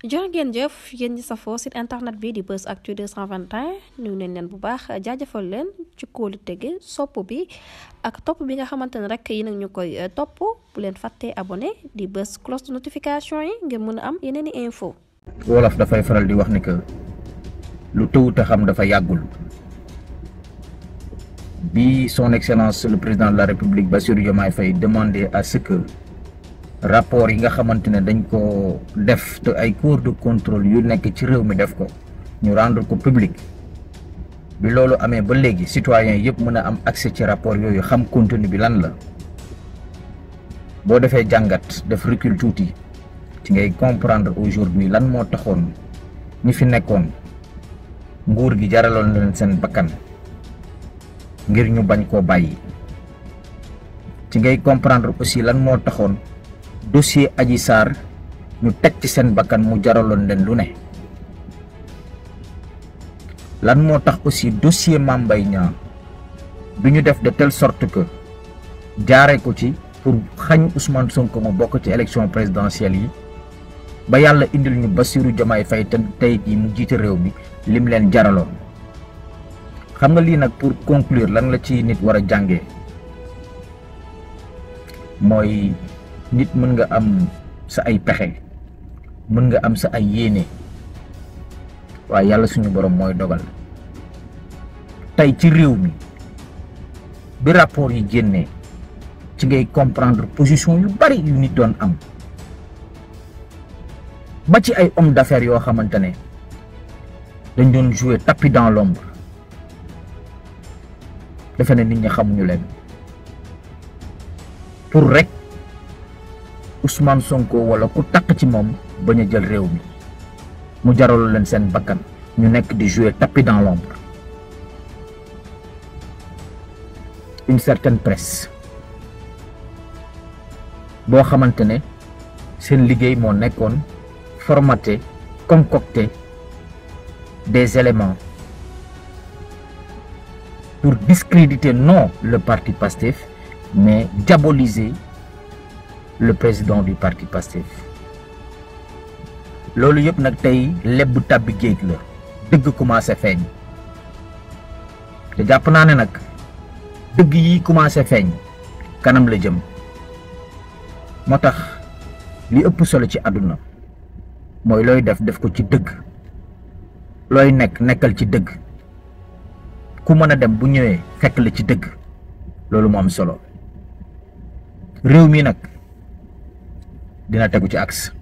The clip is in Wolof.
jërë ngeen jëf yéen ñi safoo site internet bi di Buzz Actu 221 nuyu nañ leen bu baax jaajafal leen ci koolu tege sopp bi ak topp bi nga xamante ne rek yi nag ñu koy eh, topp bu leen fàttee abone di bës cloche de notification yi ngir mën a am yeneen i info wolof dafay faral di wax ni que lu tëwut xam dafa yàggul bi son excellence le président de la république Bassirou Diomaye Faye demandé à ce que rapport yi nga xamante ne dañ ko def te ay corps de contrôle yu nekk ci réew mi def ko ñu rendre ko public bi loolu amee ba léegi citoyen yëpp mën a am accès ci rapport yooyu xam contenu bi lan la boo defee jàngat def recul tuuti ci ngay comprendre aujourd'hui lan moo taxoon ñi fi nekkoon nguur gi jaraloon leen seen bakkan ngir ñu bañ koo bàyyi ci ngay comprendre aussi lan moo taxoon dossier aji Sarr ñu teg ci seen bakkan mu jaraloon leen lu ne lan moo tax aussi dossier Mame Mbaye Niang bi ñu def de telle sorte que jaare ko ci pour xañ Ousmane Sonko mu bokk ci élection présidentielle yi ba yàlla indil ñu Bassirou Diomaye Faye te tey jii mu jiite réew mi lim leen jaraloon xam nga lii nag pour conclure lan la ci nit war a jàngee mooy nit mën nga am sa ay pexe mën nga am sa ay yéene waaye yàlla suñu borom mooy dogal tey ci réew mi bi rapport yi génnee ci ngay comprendre position yu bari yu nit doon am ba ci ay homme d'affaires yoo xamante ne dañ doon jouer tapis dans l'ombre defe ne nit ñi xamuñu leen pour rek. Ousmane Sonko wala ku taq ci moom bañ a jël réew mi mu jaralu leen seen bakkan ñu nekk di jouer tapis dans l'ombre une certaine presse boo xamante ne seen liggéey moo nekkoon formater concocter des éléments pour discréditer non le parti Pastef mais diaboliser le président du parti Pastef loolu yëpp nag tey leb bu tàbbi géej la dëgg commencé feeñ te jàpp naa ne nag dëgg yi commencé feeñ kanam la jëm moo tax li ëpp solo ci àdduna mooy looy def def ko ci dëgg looy nekk nekkal ci dëgg ku mën a dem bu ñëwee fekk la ci dëgg loolu moo am solo réew mi nag dina tegu ci axe